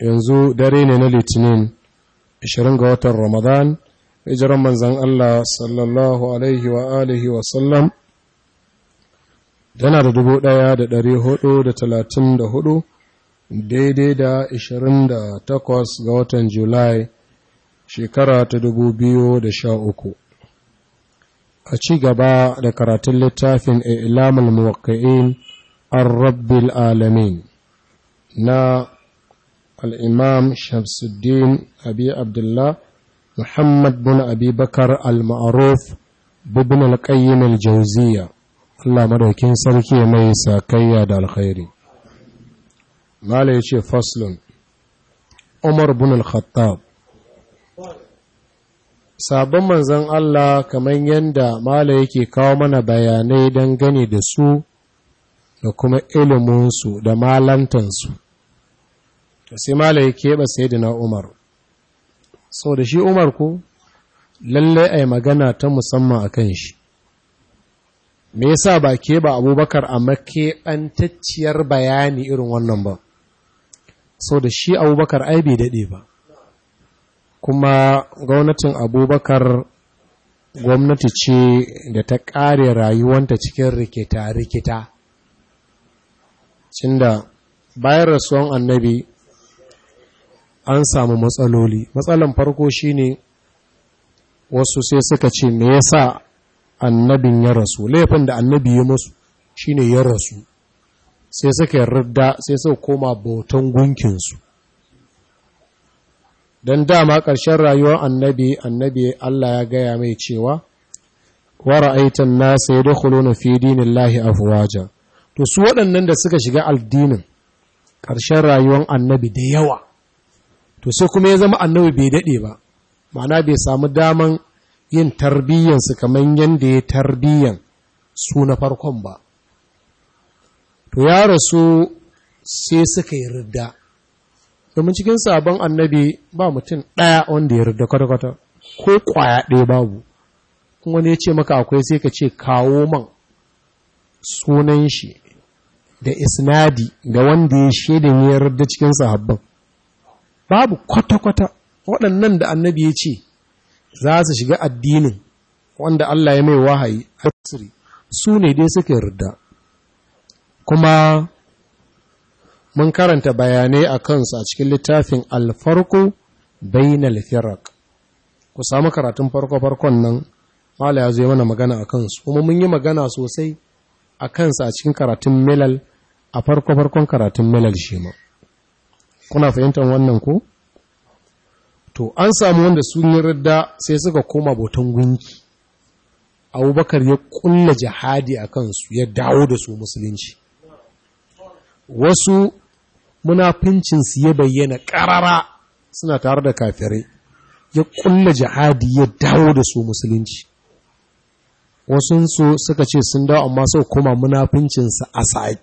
yanzu dare ne na litinin 20 ga watan ramadan hijiran manzan Allah sallallahu alaihi wa alihi wa sallam yana da 1434 daidai da 28 ga watan julai shekara ta 2013 a ci gaba da karatun littafin a ilamul muwakka'in an rabbil alamin na الإمام شمس الدين أبي عبد الله محمد بن أبي بكر المعروف بابن القيم الجوزية الله مدوكين سلكي ميسا كياد الخير ما ليش فصل عمر بن الخطاب sabon manzan Allah kamar yadda mala yake kawo mana bayanai don gani da su da kuma iliminsu da malantansu to sai mala ya keɓe na umar sau da shi umar ku lalle a magana ta musamman a kan shi me yasa ba keɓe abubakar a makeɓantacciyar bayani irin wannan ba sau da shi abubakar ai bai daɗe ba kuma gwamnatin abubakar gwamnati ce da ta ƙare rayuwanta cikin rikita-rikita cinda bayan rasuwan annabi an samu matsaloli matsalan farko shine wasu sai suka ce me yasa annabin ya rasu laifin da annabi ya musu shine ya rasu sai suka yarda sai suka koma bautan gunkinsu don dama ƙarshen rayuwar annabi annabi Allah ya gaya mai cewa wara'aitan nasa ya dakhulu na fi dinillahi afwaja to su waɗannan da suka shiga addinin ƙarshen rayuwar annabi da yawa to sai kuma ya zama annabi bai daɗe ba ma'ana bai samu daman yin tarbiyyansu kamar yadda ya tarbiyyan su na farkon ba to ya rasu sai suka yi ridda domin cikin sabon annabi ba mutum ɗaya wanda ya ridda kwata-kwata ko ƙwaya ɗaya babu kuma ya ce maka akwai sai ka ce kawo man sunan shi da isnadi ga wanda ya shaidan ya ridda cikin sahabban babu kwata-kwata waɗannan da annabi ya ce za su shiga addinin wanda Allah ya mai wahayi tsiri su ne dai suka yarda kuma mun karanta bayanai a kansu a cikin littafin alfarko bainal firak ku samu karatun farko-farkon nan mala ya zo mana magana a kansu kuma mun yi magana sosai a kansu a cikin karatun milal a farko-farkon karatun milal shi ma kuna fahimtar wannan ko to an samu wanda sun yi ridda sai suka koma botan gunki abubakar ya kulla jihadi a kansu ya dawo da su musulunci wasu munafincinsu ya bayyana ƙarara suna tare da kafirai ya kulla jihadi ya dawo da su musulunci wasunsu suka ce sun dawo amma sau koma munafincinsu a saƙe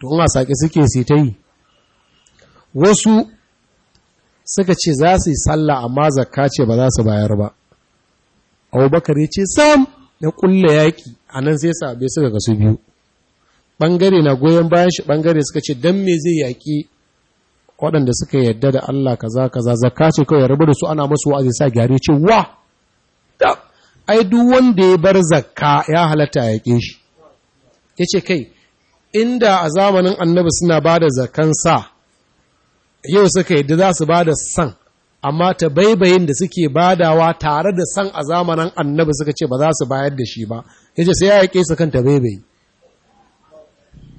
to a saƙe suke sai ta yi wasu suka ce za su yi sallah amma zakka ce ba za su bayar ba abubakar ya ce sam na kulle yaƙi a nan sai sabe suka kasu biyu ɓangare na goyon bayan shi ɓangare suka ce don me zai yaƙi waɗanda suka yadda da Allah kaza kaza zakka ce kawai rabu da su ana musu wa'azi sa gyare ce wa ai duk wanda ya bar zakka ya halatta ya yaƙe shi yace kai inda a zamanin annabi suna ba da zakkan sa yau suka yadda za su ba da san amma ta baibayin da suke badawa tare da san a zamanin annabi suka ce ba za su bayar da shi ba ya ce sai ya yake su kan ta baibayi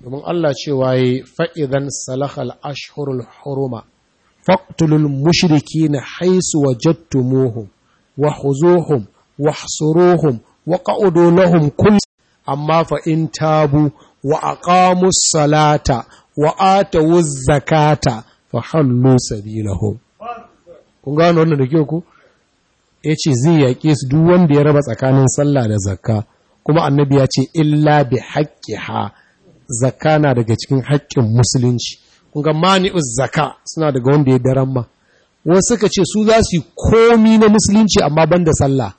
domin Allah cewa yi fa'idan salahal ashhurul huruma faktulul mushriki na haisu wa jattumuhum wa huzuhum wa hasuruhum wa ƙa'udu kun amma fa'in in tabu wa aqamu salata wa atawu zakata fa hallu sabilahum kun gano wannan da kyau ku yace zai yaƙe su duk wanda ya raba tsakanin sallah da zakka kuma annabi ya ce illa bi ha, zakka na daga cikin haƙƙin musulunci kun ga mani'uz zakka suna daga wanda ya daren ma wasu suka ce su za su yi komi na musulunci amma ban da sallah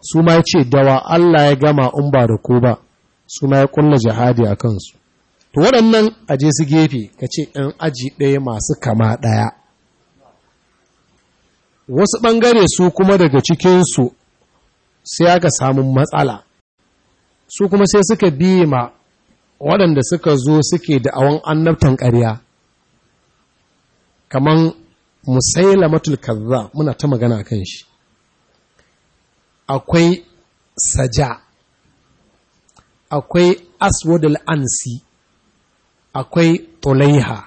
su ma ya ce dawa Allah ya gama in ba da ko ba su ma ya kulla jihadi a kansu to waɗannan a je su gefe ka ce ‘yan aji ɗaya masu kama ɗaya wasu ɓangare su kuma daga cikinsu sai aka samu matsala su kuma sai suka biye ma waɗanda suka zo suke da awon annabtan ƙarya kaman musaila matul kaza muna ta magana kan shi akwai saja akwai aswadul ansi akwai tulaiha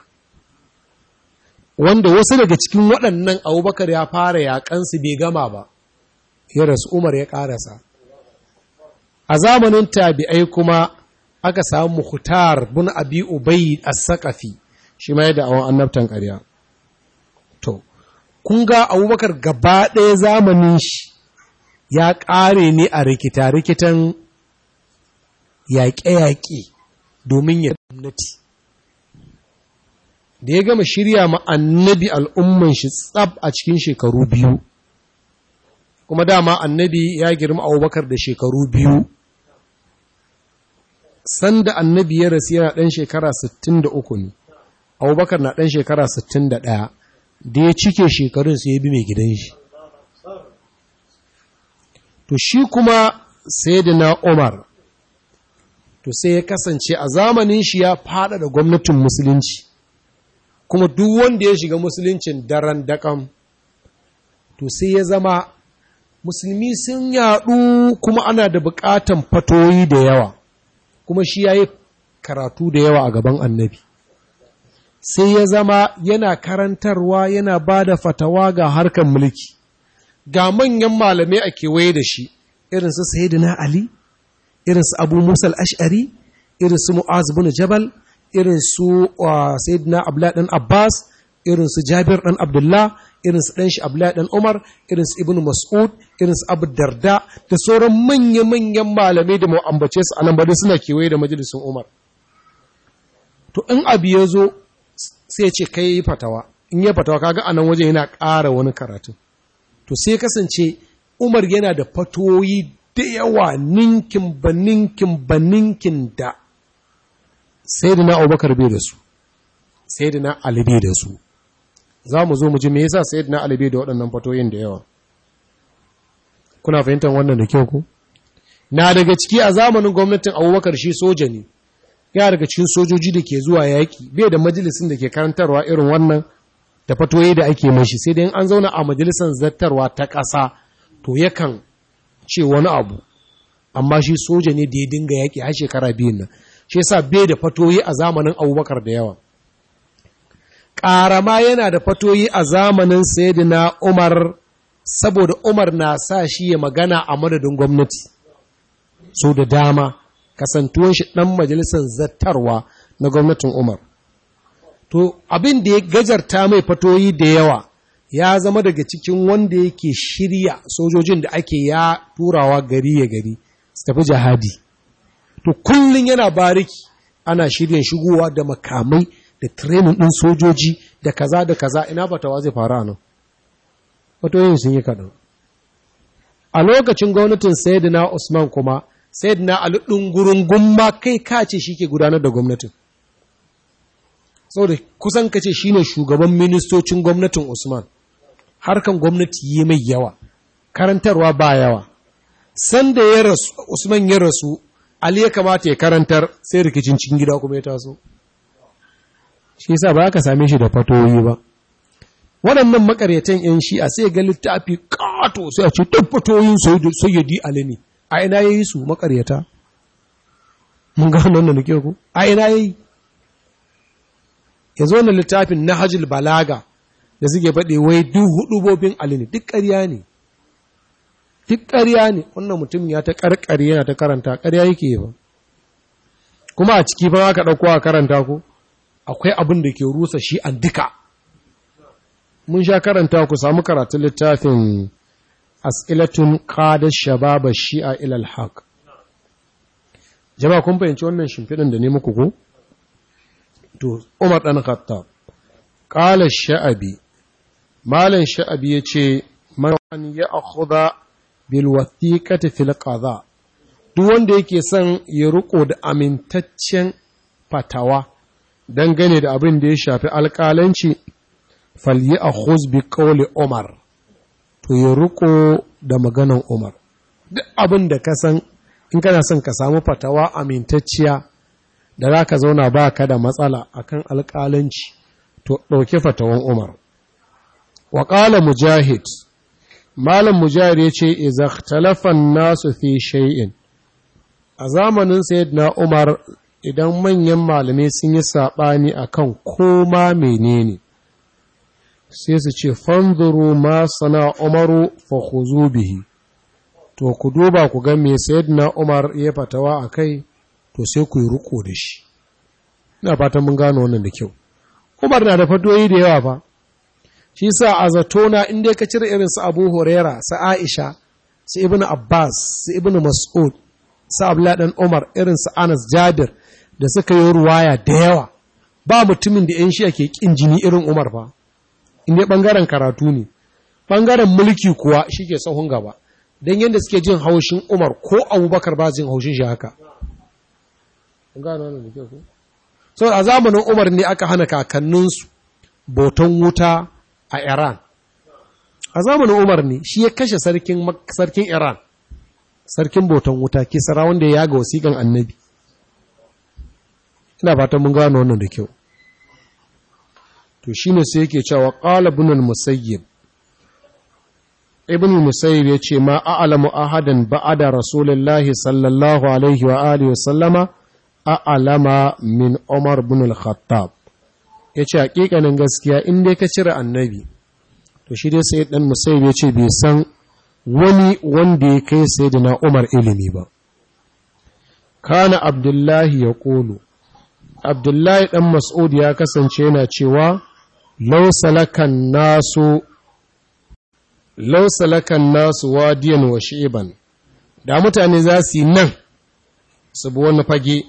wanda wasu daga cikin waɗannan abubakar ya fara yaƙansu bai gama ba ya rasu umar ya ƙarasa a zamanin tabi'ai kuma aka samu hutar bin abi ubayi a sakafi. shi ma yadda awon annabtan ƙarya to kun ga abubakar gaba ɗaya zamanin shi ya ƙare ne a rikita-rikitan yaƙe-yaƙe domin ya gwamnati da ya gama shirya ma annabi al'umman shi tsab a cikin shekaru biyu kuma dama annabi ya girma abubakar da shekaru biyu sanda annabi ya rasu yana ɗan shekara 63 ne abubakar na ɗan shekara 61 da ya cike shekarun su ya bi mai gidan shi to shi kuma sai da na umar to sai ya kasance a zamanin shi ya fada da gwamnatin musulunci kuma duk wanda ya shiga musuluncin daren daƙan, to sai ya zama musulmi sun yaɗu kuma ana da buƙatan fatoyi da yawa kuma shi ya yi karatu da yawa a gaban annabi sai ya zama yana karantarwa yana ba da fatawa ga harkar mulki ga manyan malamai a kewaye da shi irin irinsu sayidina ali su abu musal ash'ari irinsu mu'az bin jabal irin su sayyidina abdullahi dan abbas irin su jabir dan abdullah irin su dan shi abdullahi dan umar irin su ibnu mas'ud irin su abu darda da sauran manya-manyan malamai da mu su anan ba suna kewaye da majalisun umar to in abu ya zo sai ce kai yi fatawa in ya fatawa kaga a nan wajen yana ƙara wani karatu to sai kasance umar yana da fatoyi da yawa ninkin ba ninkin ba ninkin da sai da na abubakar bai da su sai da na alibi da su za mu zo mu ji me yasa sai da na alibi da waɗannan fatoyin da yawa kuna fahimtar wannan da kyau ku na daga ciki a zamanin gwamnatin abubakar shi soja ne ya daga cikin sojoji da ke zuwa yaƙi bai da majalisin da ke karantarwa irin wannan da fatoyi da ake mashi sai dai an zauna a majalisar zattarwa ta ƙasa to yakan ce wani abu amma shi soja ne da ya dinga yaƙi har shekara biyun nan shi yasa bai da fatoyi a zamanin abubakar da yawa ƙarama yana da fatoyi a zamanin sayyidina umar saboda umar na sa shi ya magana a madadin gwamnati so da dama kasantuwan shi ɗan majalisar zattarwa na gwamnatin umar to abin da ya gajarta mai fatoyi da yawa ya zama daga cikin wanda yake shirya sojojin da ake ya turawa gari ya gari su tafi jihadi to kullum yana bariki ana shirya shigowa da makamai da training ɗin sojoji da kaza da kaza ina fatawa zai fara nan yin sun yi kaɗan a lokacin gwamnatin sayyidina usman kuma sayyidina ali gurin gumma kai kace shi ke gudanar da gwamnatin saboda kusan kace shine shugaban ministocin gwamnatin usman harkan gwamnati yi mai yawa karantarwa ba yawa sanda ya rasu usman ya rasu Ali ya kamata ya karantar sai rikicin cikin gida kuma ya taso. Shi yasa ba ka same shi da fatoyi ba. Waɗannan makaryatan ‘yan a sai ga littafi ƙato sai a ce duk fatoyin sayyadi Ali ne, a ina ya yi su makaryata? Mun ga wannan da nake ku? A ina ya yi? Ya zo na littafin na hajjil balaga da suke faɗi wai duk hudubobin Ali ne, duk ƙarya ne. duk ƙarya ne wannan mutum ya ta ƙarƙari yana ta karanta ƙarya yake ba kuma a ciki ba ka ɗauko a karanta ko akwai abin da ke rusa shi an duka mun sha karanta ku samu karatun littafin as'ilatun kada shababa shi'a ilal ilal haq jama'a kun fahimci wannan shimfiɗin da ne muku ko to Umar dan Khattab qala sha'abi Malam sha'abi yace man ya akhudha bil fil qadha duk wanda yake son ya ruko da amintaccen fatawa dangane da abin da ya shafi alƙalanci falyi a bi qawli umar to ya ruko da maganan umar duk abin da ka san in kana son ka samu fatawa amintacciya da za ka zauna ba ka da matsala akan alƙalanci to ɗauki fatawan umar wa ƙala mujahid malam mujahid ya ce izaktalafan nasu fi shay'in a zamanin sayyidina umar idan manyan malamai sun yi saɓani akan koma menene sai su ce fanzuru ma sana umaru fa bihi to ku duba ku ga me sayyidina umar ya fatawa a kai to sai ku yi riko da shi ina fatan mun gano wannan da kyau umar na da fadoyi da yawa fa shi sa a zatona in dai ka cire irin su Abu horera su Aisha su Ibn Abbas su Ibn Mas'ud su Abdullah dan Umar irin su Anas Jabir da suka yi ruwaya da yawa ba mutumin da yan shi ke kin jini irin Umar fa in dai bangaren karatu ne bangaren mulki kuwa shi ke sahun gaba Don yadda suke jin haushin Umar ko Abubakar ba jin haushin shi haka so a zamanin Umar ne aka hana kakanninsu boton wuta a Iran a zamanin Umar ne shi ya kashe sarkin Iran sarkin botan wuta Kisra wanda ya yaga wasiƙan Annabi ina fatan mun gano wannan da kyau to shi ne sai yake cewa qala ibn musayyib ibn musayyib ya ce ma a'lamu ahadan ba'ada rasulullahi sallallahu alaihi wa alihi wa sallama a'lama min umar ibn khattab ya ce haƙiƙanin gaskiya in dai ka cire annabi to shi dai sai ɗan musayib ya ce bai san wani wanda ya kai sai da na'umar ilimi ba kana abdullahi ya ƙolo abdullahi ɗan mas'ud ya kasance yana cewa lausalakan nasu nasu wadiyan wa shi'iban da mutane za su yi nan su bi wani fage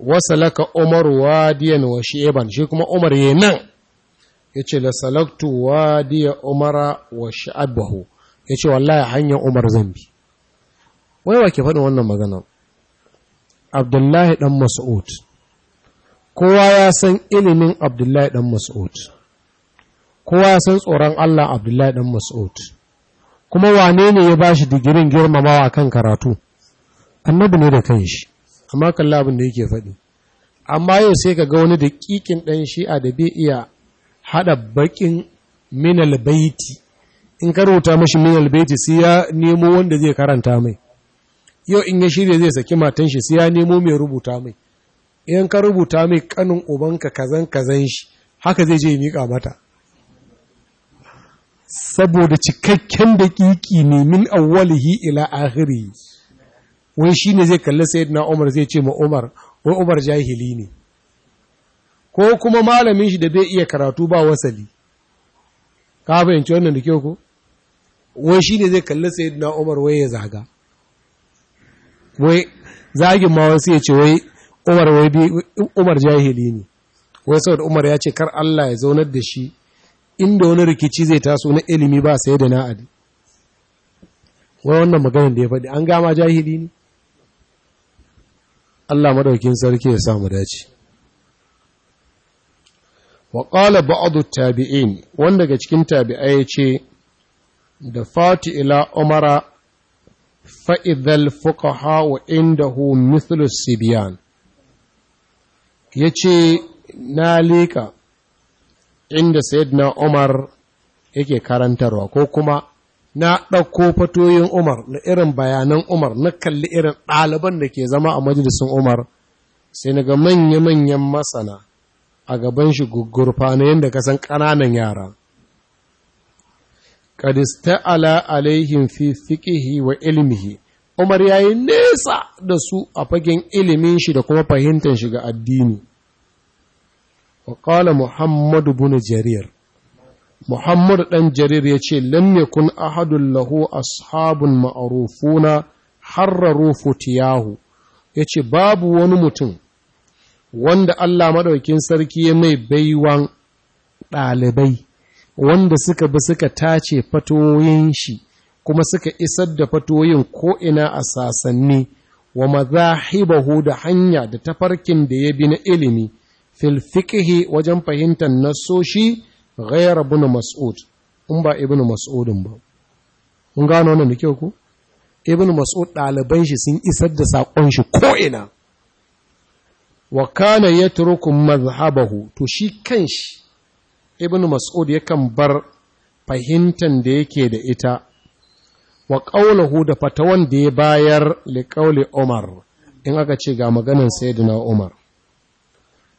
wasalaka umar wadiyan wa shi'ban shi kuma umar yayin nan yace la salaktu wadiya umara wa sha'abahu yace wallahi hanyar umar zan bi wai wa ke faɗin wannan magana abdullahi ɗan mas'ud kowa ya san ilimin abdullahi dan mas'ud kowa ya san tsoron Allah abdullahi ɗan mas'ud kuma wane ne ya bashi digirin girmamawa kan karatu annabi ne da kanshi amma kalla abin da yake faɗi amma yau sai ka ga wani da ƙiƙin ɗan shi'a da bai iya haɗa baƙin minal baiti in ka rubuta mashi minal baiti sai ya nemo wanda zai karanta mai yau in ya shirya zai saki matan shi sai ya nemo mai rubuta mai in ka rubuta mai kanin ubanka kazan kazan shi haka zai je miƙa mata saboda cikakken daƙiƙi ne min awwalihi ila ahiri. wai shi ne zai kalli sayyidina umar zai ce ma umar wai umar jahili ne ko kuma malamin shi da bai iya karatu ba wasali ka fahimci wannan da kyau ko wai shi ne zai kalli sayyidina umar wai ya zaga wai zagin ma wasu ya ce wai umar wai bi umar jahili ne wai saboda umar ya ce kar Allah ya zaunar da shi inda wani rikici zai taso na ilimi ba sai da na'adi wai wannan maganar da ya faɗi an gama jahili ne Allah madaukin sarki ya samu dace wa qala ba'du tabi'in wanda daga cikin tabi'ai ya ce da fati ila umara fa idhal fuqaha wa indahu mithlu sibyan ce na leka inda sayyidina umar yake karantarwa ko kuma na ɗauko fatoyin Umar na irin bayanan Umar na kalli irin ɗaliban da ke zama a majalisun Umar sai na ga manya-manyan masana a gaban shi gugurfa na yadda san ƙananan yara. Ƙadista ala alaihim fi fiƙihi wa ilmihi Umar ya yi nesa da su a fagen ilimin shi da kuma fahimtar shi ga addini. Wa ƙala Muhammadu bin jarir muhammadu ɗan jarir ya ce lamme kun ahadun lahu ashabun ma'arufuna harraru futiyahu ya ce babu wani mutum wanda Allah maɗaukin sarki ya mai baiwan ɗalibai wanda suka bi suka tace fatoyin shi kuma suka isar da fatoyin ko'ina a sasanni wa mazahibahu da hanya da tafarkin da ya bi na ilimi fil fiƙihi wajen fahimtar nasoshi ghayra ibn mas'ud in ba ibn mas'udin ba kun gano wannan da kyau ku ibn mas'ud ɗaliban shi sun isar da saƙon shi ko ina wa kana yatruku madhhabahu to shi kanshi ibn mas'ud yakan bar fahimtan da yake da ita wa qawluhu da fatawan da ya bayar li qawli umar in aka ce ga maganan sayyidina umar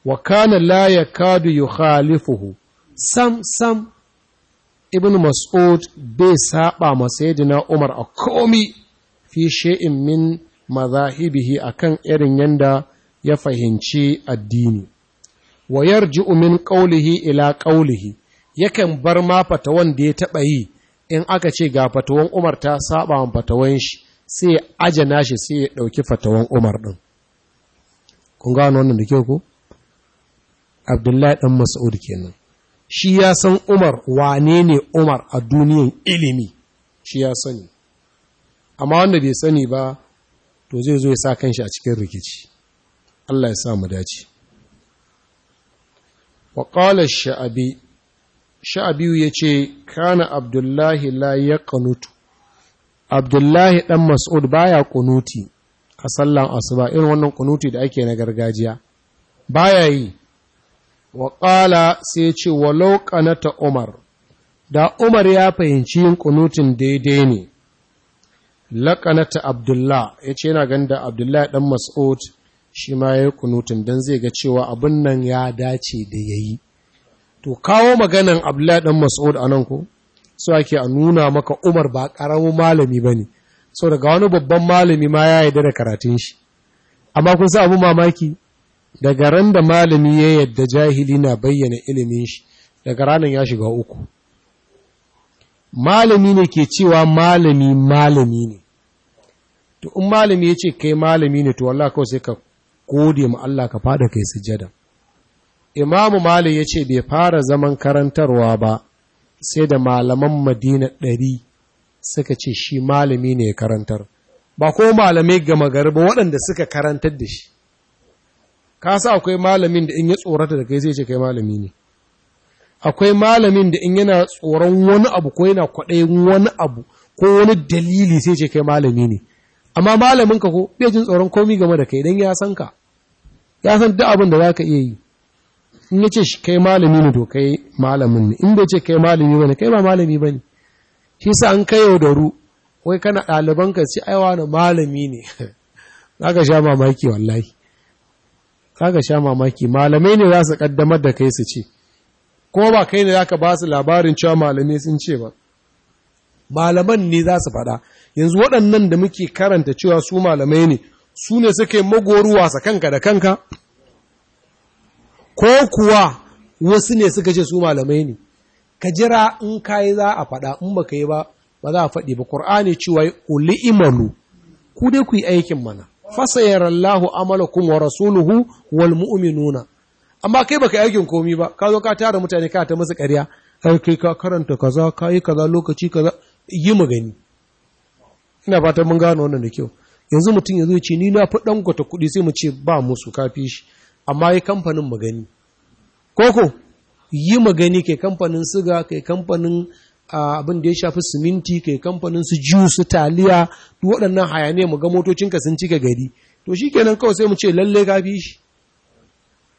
wa kana la yakadu yukhalifuhu sam sam ibn mas'ud bai saba ma sayyidina umar a komi fi shay'in min mazahibihi akan irin yanda ya fahimci addini wa yarji'u min qawlihi ila qawlihi yakan bar ma fatawan da ya taba yi in aka ce ga fatawan Umar ta saba ma fatawan shi sai ajana nashi sai ya dauki fatawan Umar din kun gano wannan da ke ko Abdullahi dan Mas'ud kenan shi ya san umar wane ne umar a duniyan ilimi shi ya sani amma wanda bai sani ba to zai zo ya sa kan shi a cikin rikici Allah ya sa mu dace wa qala sha'abi sha'abi yace kana abdullahi la yaqnutu abdullahi dan mas'ud baya kunuti a sallan asuba irin wannan kunuti da ake na gargajiya baya yi wa ƙala sai ce wa lauƙanata Umar, da Umar ya fahimci yin kunutun daidai ne, laƙanata Abdullah ya ce yana da Abdullah ɗan Mas'ud shi ma ya yi ƙunutin don zai ga cewa abin nan ya dace da ya yi. To, kawo maganan Abdullah ɗan Mas'ud a nan ko, su ake a nuna maka Umar ba ƙaramin malami ba ne, sau daga wani babban malami ma ya yarda da karatun shi. Amma kun sa abin mamaki, daga ran da malami ya yadda jahili na bayyana ilimin shi daga ranar ya shiga uku malami ne ke cewa malami malami ne to in malami ya ce kai malami ne to Allah kawai sai ka gode ma Allah ka fada kai sujada imamu malami ya ce bai fara zaman karantarwa ba sai da malaman madina ɗari suka ce shi malami ne ya karantar ba ko malamai gama gari ba waɗanda suka karantar da shi ka sa akwai malamin da in ya tsorata da kai zai ce kai malami ne akwai malamin da in yana tsoron wani abu ko yana kwaɗayin wani abu ko wani dalili sai ce kai malami ne amma malamin ka ko bai jin tsoron komi game da kai dan ya san ka ya san duk abin da zaka iya yi in ya ce kai malami ne to kai malamin ne in bai ce kai malami bane kai ba malami bane shi sa an kai yaudaru wai kana ɗalibanka sai aiwa na malami ne zaka sha mamaki wallahi kaga sha mamaki malamai ne za su kaddamar da kai su ce ko ba kai ne za ka ba su labarin cewa malamai sun ce ba malaman ne za su faɗa yanzu waɗannan da muke karanta cewa su malamai ne su ne suke magoruwa sa kanka da kanka ko kuwa wasu ne suka ce su malamai ne ka jira in kayi za a faɗa in ba ka yi ba ba za a faɗi ba ƙur'ani cewa uliimalu ku dai ku yi aikin mana fasayar Allah amalakun wa rasuluhu wal mu'minuna amma kai baka aikin komi ba ka zo ka tara mutane ka ta musu ƙarya kai kai ka karanta kaza ka yi kaza lokaci kaza yi magani ina fatan mun gano wannan da kyau yanzu mutum ya zo ce ni na fi dan kwata kuɗi sai mu ce ba musu kafi shi amma yi kamfanin magani koko yi magani kai kamfanin siga kai kamfanin abin da ya shafi siminti kai kamfanin su ju su taliya duk waɗannan hayaniya mu ga motocinka sun cika gari to shi kenan kawai sai mu ce lalle ka fi shi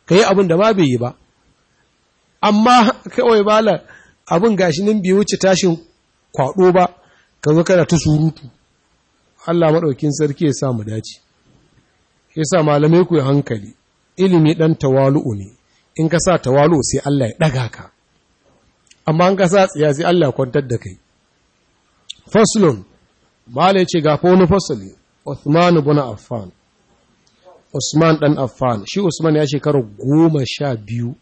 ka yi abin da ba bai yi ba amma kawai bala abin gashi nan bai wuce tashin kwaɗo ba ka zo kana ta surutu Allah maɗaukin sarki ya sa mu dace ya sa malamai ku hankali ilimi ɗan tawalu'u ne in ka sa tawalu'u sai Allah ya ɗaga ka amma an kasa tsiya zai Allah kwantar da kai faslun mala ya ce ga wani fasali Uthman ibn Affan Usman dan Affan shi Usman ya shekara goma sha biyu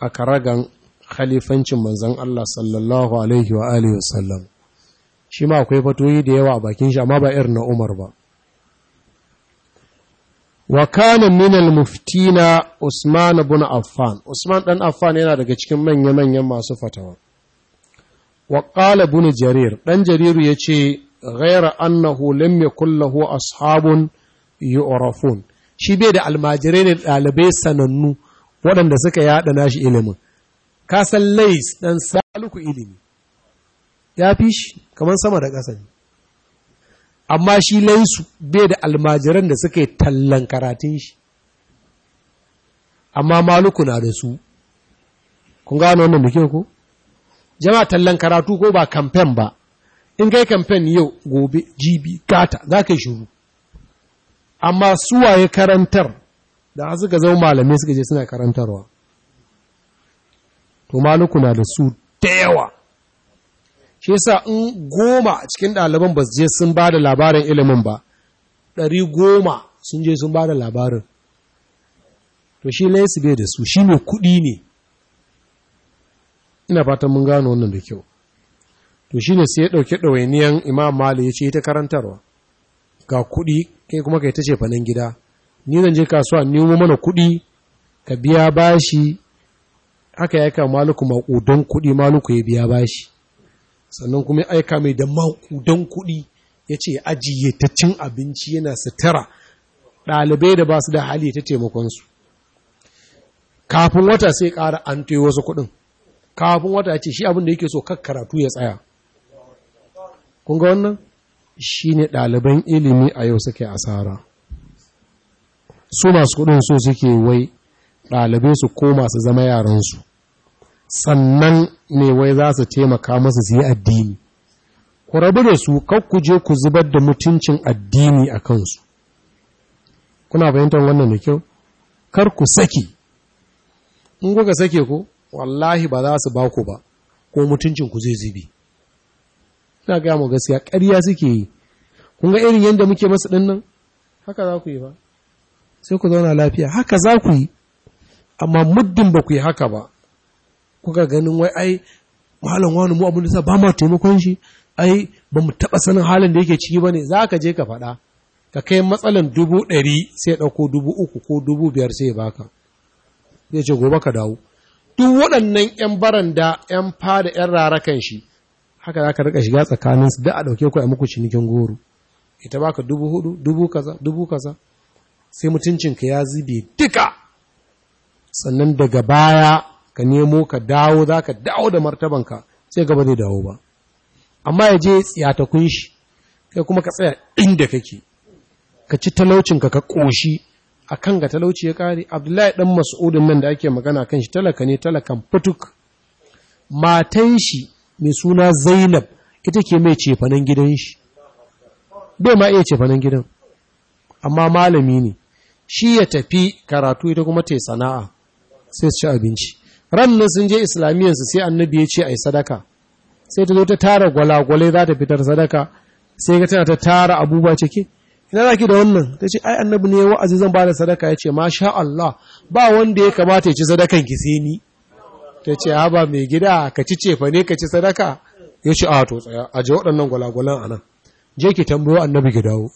a karagan khalifancin manzon Allah sallallahu alaihi wa wasallam shi ma akwai fatoyi da yawa a bakin shi amma ba irin na Umar ba wa kana minal muftina Usman ibn Affan Usman dan Affan yana daga cikin manya-manyan masu fatawa wa qala ibn Jarir dan Jariru yace ghaira annahu lam yakul lahu ashabun yu'rafun shi bai da almajirai ne dalibai sanannu waɗanda suka yada nashi ilimin ka san lais dan saluku ilimi ya fi shi kamar sama da ƙasa ne amma shi laisu bai da almajiran da suka yi tallan karatun shi amma maluku na da su kun gano wannan da kyau ko jama tallan karatu ko ba kamfen ba in kai kamfen yau gobe jibi kata za ka yi shuru amma suwaye karantar da suka zama malamai suka je suna karantarwa to maluku na da su da yawa shi yasa in goma cikin ɗaliban ba su je sun ba da labarin ilimin ba ɗari goma sun je sun ba da labarin to shi laisu bai da su shi ne kuɗi ne ina fatan mun gano wannan da kyau to shi ne sai ya ɗauki ɗawainiyan imam mali ya ce ita karantarwa ga kuɗi kai kuma kai ta ce fanin gida ni zan je kasuwa nemo mana kuɗi ka biya bashi haka ya kama maluku maƙudan kuɗi maluku ya biya bashi sannan kuma ya aika mai da makudan kuɗi ya ce ajiye ta cin abinci yana sitara, ɗalibai da ba su da hali ta taimakonsu kafin wata sai ƙara an toyi wasu kuɗin kafin wata ce shi abin da yake so kak karatu ya tsaya kun ga wannan shi ne ɗaliban ilimi a yau suke asara su masu kuɗin so suke wai ɗalibai su koma su zama yaransu sannan ne wai za su taimaka masu su addini ku rabu da su ku je ku zubar da mutuncin addini a kansu kuna fahimtar wannan da kyau kar ku saki in kuka sake ku wallahi ba za su ba ku ba ko mutuncin ku zai zubi ina gaya mu gaskiya ƙarya suke yi kun ga irin yadda muke masu dinnan haka za ku yi ba sai ku zauna lafiya haka za ku yi amma muddin ba ku yi haka ba kuka ganin wai ai malam wani mu abin da ba ma taimakon shi ai ba mu taɓa sanin halin da yake ciki ba ne za ka je ka faɗa ka kai matsalan dubu ɗari sai ɗauko dubu uku ko dubu biyar sai baka ya ce gobe ka dawo duk waɗannan 'yan baranda 'yan fada 'yan rarakan shi haka za ka riƙa shiga tsakanin su da a ɗauke ku a muku cinikin goro ita baka dubu hudu dubu kaza dubu kaza sai mutuncinka ya zube duka sannan daga baya ka nemo ka dawo za ka dawo da martabanka sai gaba zai dawo ba amma ya je ta kunshi kai kuma ka tsaya inda kake ka ci talaucinka ka ƙoshi a kan ga talauci ya ƙare abdullahi ɗan mas'udin nan da ake magana kan shi talaka ne talakan fituk matan shi mai suna zainab ita ke mai cefanen gidan shi bai ma iya cefanen gidan amma malami ne shi ya tafi karatu ita kuma ta yi sana'a sai su ci abinci rannan sun je islamiyyansu sai annabi ya ce a yi sadaka sai ta zo ta tara gwalagwalai za ta fitar sadaka sai ga tana ta tara abubuwa ciki ina za ki da wannan ta ce ai annabi ne wa'azi zan ba da sadaka ya ce masha Allah ba wanda ya kamata ya ci sadakan ki sai ni ta ce ha ba mai gida ka ci cefa ne ka ci sadaka ya ce a to tsaya a je waɗannan gwalagwalan a nan je ki tambayo annabi ki dawo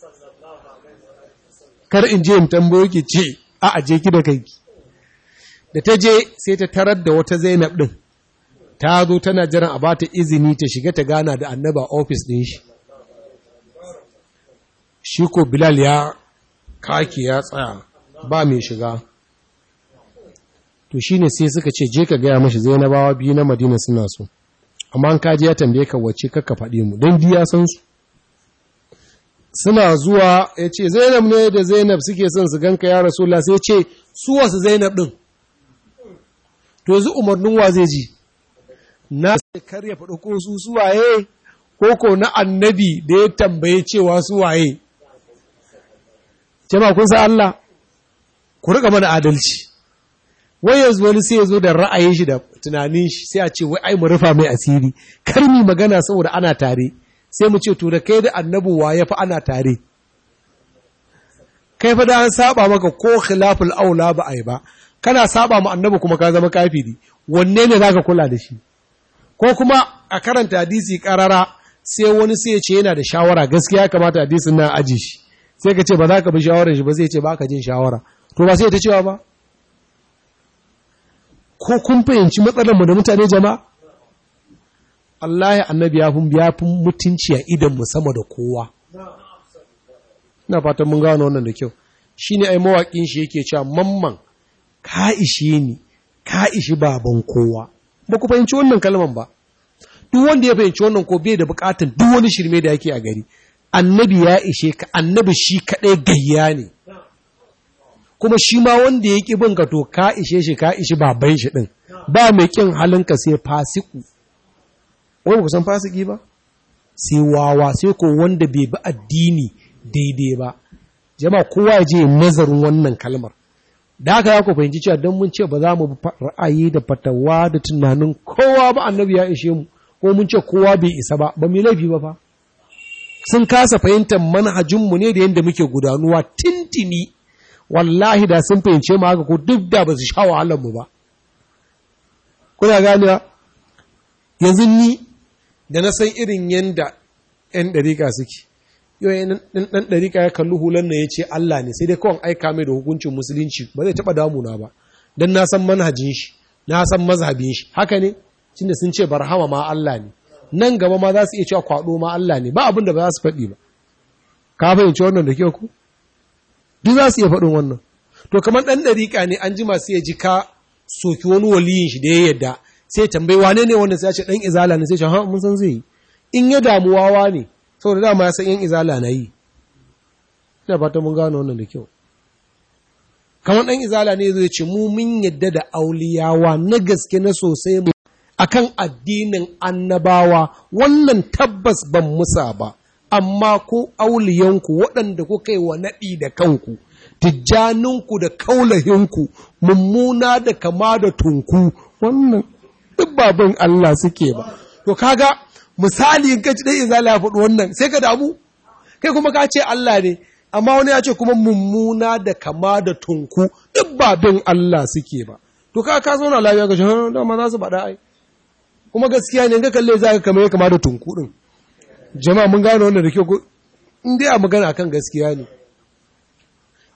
kar in je in tambayo ki ce a aje ki da kanki da ta je sai ta tarar da wata zainab ɗin ta zo tana jiran a bata izini ta shiga ta gana da annaba ofis ɗin shi shi ko bilal ya kaki ya tsaya ba mai shiga to shi ne sai suka ce je ka gaya mashi zainabawa biyu na madina suna so amma ka ya tambaye ka wacce kakka faɗi mu don biya san su suna zuwa ya ce zainab ne da zainab suke son su ganka ya rasu sai ce su wasu zainab ɗin to yanzu umarnin wa zai ji na sai karya faɗi ko su suwaye ko ko na annabi da ya tambaye cewa suwaye jama'a kun san Allah ku rika mana adalci wai yanzu wani sai ya zo da ra'ayin shi da tunanin shi sai a ce wai ai mu rufa mai asiri kar mu magana saboda ana tare sai mu ce to da kai da annabi wa ya fa ana tare kai fa da an saba maka ko khilaful aula ba ai ba kana saba mu annabi kuma ka zama kafiri wanne ne zaka kula da shi ko kuma a karanta hadisi karara sai wani sai ya ce yana da shawara gaskiya kamata hadisin na aji shi sai ka ce ba za ka bi shawarar shi ba zai ce ba ka jin shawara to ba sai ta cewa ba ko kun fahimci matsalar mu da mutane jama'a Allah annabi ya fi ya fi mutunci a idan mu sama da kowa ina fatan mun gano wannan da kyau shine ai mawaƙin shi yake cewa mamman ka ishe ni ka ishi baban kowa ba ku fahimci wannan kalman ba duk wanda ya fahimci wannan ko bai da bukatun duk wani shirme da yake a gari annabi ya ishe ka annabi shi kadai gayya ne kuma shi ma wanda ya ki bin ka to ka ishe shi ka ishi baban shi ɗin ba mai ƙin halinka sai fasiku wani kusan fasiki ba sai wawa sai ko wanda bai bi addini daidai ba jama'a kowa ya je nazarin wannan kalmar da haka ya ku fahimci cewa don mun ce ba za mu ra'ayi da fatawa da tunanin kowa ba annabi ya ishe mu ko mun ce kowa bai isa ba ba mu laifi ba fa sun kasa fahimtar manhajinmu ne da yadda muke gudanuwa tintini wallahi da sun fahimce mu haka ko duk da ba su sha wahalar mu ba kuna ganewa yanzu ni da na san irin yanda 'yan dariƙa suke yau eh, ɗan ɗarika ya kalli hulan na ya ce Allah ne sai dai kawai aika mai da hukuncin musulunci ba zai taɓa damuna ba don na san manhajin shi na san mazhabin shi haka ne tunda sun ce barhama ma Allah ne nan gaba ma za su iya cewa kwaɗo ma Allah ne ba abin da ba za su faɗi ba ka fahimci wannan da kyau ku duk za su iya faɗin wannan to kamar ɗan ɗariƙa ne an jima sai ya ji ka soki wani waliyin shi da ya yadda sai tambayi wane ne wanda sai ya ce ɗan izala ne sai ya ce ha mun san zai yi in ya damu wawa ne saboda dama ya san yan izala na yi ina fata mun gano wannan da kyau kamar ɗan izala ne zai ce mu mun yadda da auliyawa na gaske na sosai mu akan addinin annabawa wannan tabbas ban musa ba amma ku auliyanku waɗanda kuka yi wa naɗi da kanku tijjaninku da kaulahinku mummuna da kama da tunku wannan duk babin Allah suke ba to kaga misali in kai dai izala ya faɗi wannan sai ka damu kai kuma ka ce Allah ne amma wani ya ce kuma mummuna da kama da tunku duk ba bin Allah suke ba to ka ka zauna lafiya ga da ma za su faɗa ai kuma gaskiya ne ka kalle za ka kama ya kama da tunku din. jama'a mun gane wannan da kyau in dai a magana akan gaskiya ne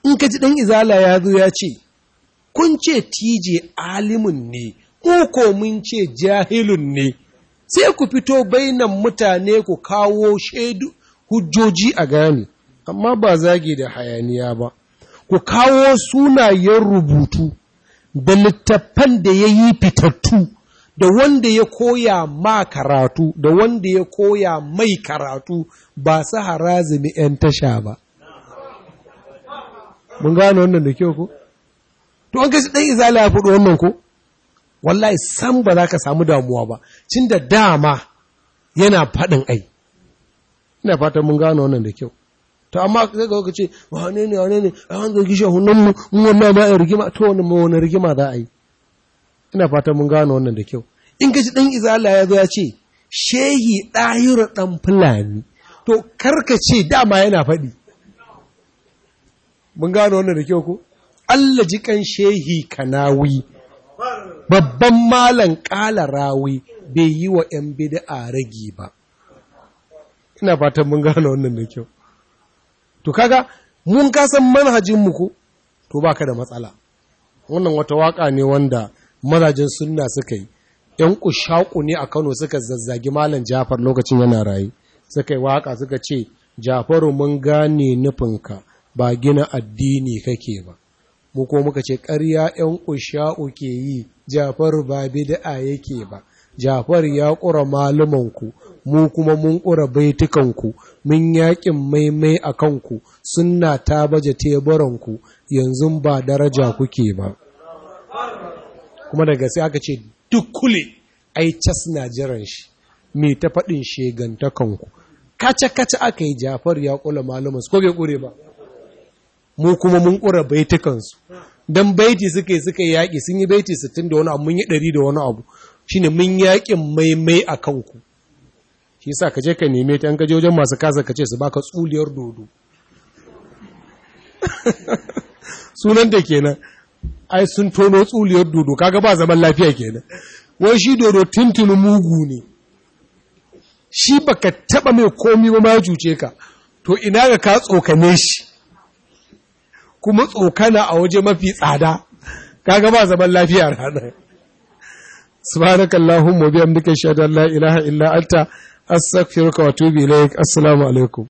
in ka ji dan izala ya zo ya ce kun ce tije alimin ne ko ko mun ce jahilun ne sai ku fito bainan mutane ku kawo shaidu hujjoji a gani. amma ba zage da hayaniya ba ku kawo sunayen rubutu da littattafan da ya yi fitattu da wanda ya koya ma karatu da wanda ya koya mai karatu ba su harazumi 'yan tasha ba mun gane wannan da kyau ko? to an su ɗan izala ya fudu wannan ko? wallahi san ba za ka samu damuwa ba cin da dama yana faɗin ai ina fatan mun gano wannan da kyau to amma sai ka ce wane ne wane ne a an gishe hunan mu mun wannan ba a rigima to wani mu wani rigima za a yi ina fatan mun gano wannan da kyau in ka ji dan izala ya zo ya ce shehi ɗahiru ɗan fulani to karka ce dama yana faɗi mun gano wannan da kyau ko Allah ji kan shehi kanawi babban malan ƙala rawi bai yi wa ‘yan bid'a ragi ba. Ina fatan mun gano wannan da kyau. To kaga, mun kasan manhajin ko, to ba ka da matsala. Wannan wata waka ne wanda manhajin sunna suka yi, ‘yan ƙushaƙu ne a Kano suka zazzagi malan Jafar lokacin yana rayu, suka yi waka suka ce, Jafaru mun gane nufinka ba gina addini kake ba. Mu ko muka ce, karya ‘yan ƙusha'u ke yi, Jafaru ba bid'a yake ba jafar ya ƙura malumanku mu kuma mun ƙura baitukanku mun yaƙin maimai a kanku suna ta baje teburanku yanzu ba daraja kuke ba kuma daga sai aka ce duk kule ai cas na jiran shi me ta faɗin shagantakanku? kace-kace aka yi Jafar ya ƙula malumansu ko bai ƙure ba mu kuma mun ƙura baitukansu Don baiti suka yi suka yaƙi sun yi baiti sittin da wani abu mun yi ɗari da wani abu shine mun yaƙin maimai a kanku shi sa ka je ka neme ta an ka masu kasa ka ce su baka tsuliyar dodo sunan da kenan ai sun tono tsuliyar dodo kaga ba zaman lafiya kenan wai shi dodo tuntun mugu ne shi baka taba mai komi ba ma cuce ka to ina ga ka tsokane shi kuma tsokana a waje mafi tsada kaga ba zaman lafiya ranar subhanakallahumma bihamdika shada la ilaha illa anta astaghfiruka wa atubu ilaik assalamu alaikum